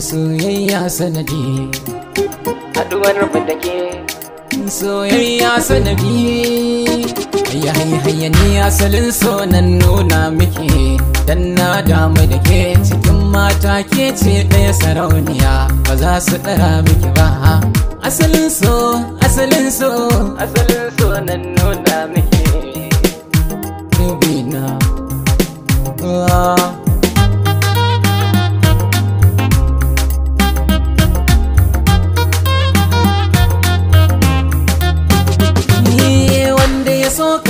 sanya soyayya sanadi haduwar mu soyayya sanadi hayya hayya hayya ni asalin so nan nuna miki dan na damu da ke cikin mata ke ce ɗaya sarauniya ba za su ɗara miki ba asalin so asalin so asalin so nan nuna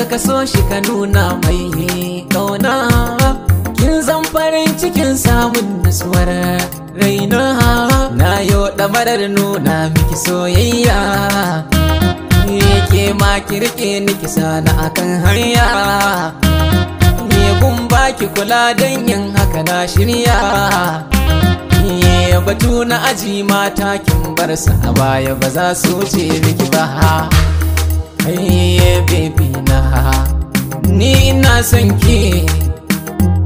da ka so shi ka nuna mai kauna kin zan farin cikin samun nasuwar raina na yau ɗamarar nuna miki soyayya ke ma kirke niki sana akan hanya ne kun baki kula don yin haka na shirya batu na aji mata kin bar sa a baya ba za su ce miki ba Hey baby na ni na san ki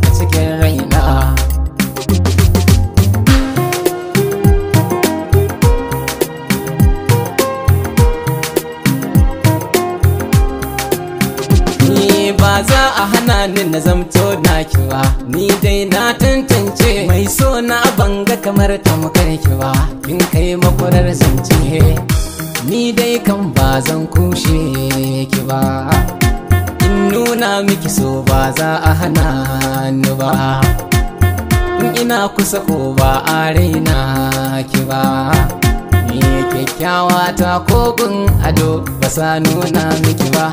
a cikin raina ba za a hana ni na zamto na ba ni dai na tantance mai so na banga kamar tamkar ba kin kai makurar zance nuna miki so ba za a hana ni ba in ina kusa ko ba a raina ki ba ni kyakkyawa ta ado ba sa nuna miki ba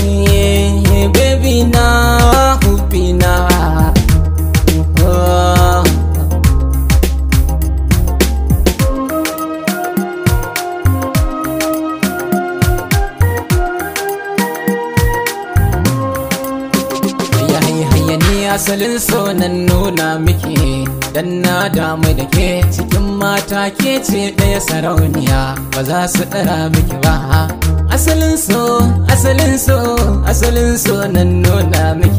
ni asalin so nan nuna miki dan na damu da ke cikin mata ke ce ɗaya sarauniya ba za su ɗara miki ba asalin so asalin so asalin so nan nuna miki